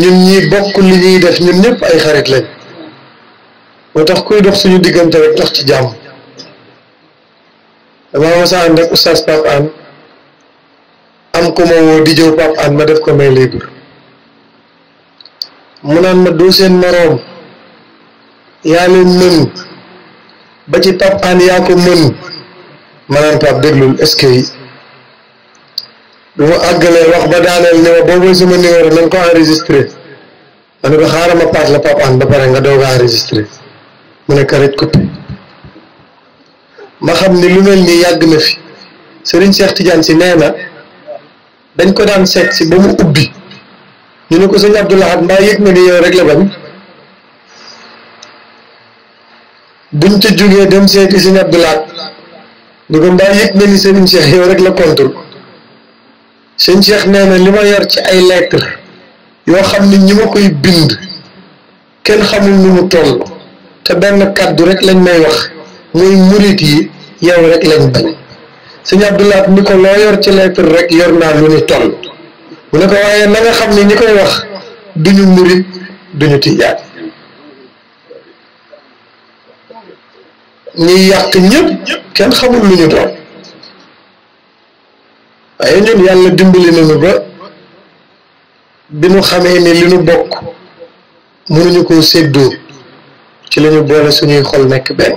ñun ñi bokk li ñuy def ñun ñépp ay xarit lañ moo tax kuy dox suñu diggante rek tax ci jàmm damaa masa ànd ak oustaz am ko ma di jëw Pape An ma def ko may léegi mu naan ma doo seen moroom yaa leen mën ba ci Pape An yaa ko mën ma naan Pape déglul est bu mu àggalee wax ba daaneel ni ma boobu sama numéro nañ ko enregistré ma ne ko xaaral ma paas la pap ba pare nga doog a enregistré mu ne karaj coupé ma xam ni lu mel ni yàgg na fi sëriñ seex Tidiane si nee na dañ ko daan seet si ba mu ubbi ñu ne ko sëñ Abdoulahat mbaa yëg ma ni yow rek la bañ buñ ca jógee dem seeti sëñ Abdoulahat ñu ko mbaa yëg na ni Serigne Cheikh yow rek la contre sëñ Cheikh nee na li ma yor ci ay lettre yoo xam ni ñi ma koy bind kenn xamul nu mu toll te benn kàddu rek lañ may wax muy murit yi yow rek lañ bañ sëñ Abdoulaat ni ko loo yor ci lettre rek yor naa lu ni toll mu ne ko waaye na xam ni ñi koy wax duñu murit duñu tijaan ñiy yàq ñëpp kenn xamul lu ñu doon waaye ñun yàlla dimbali nañu ba bi nu xamee ni li nu bokk mënuñu ko séddoo ci la ñu boole suñuy xol nekk benn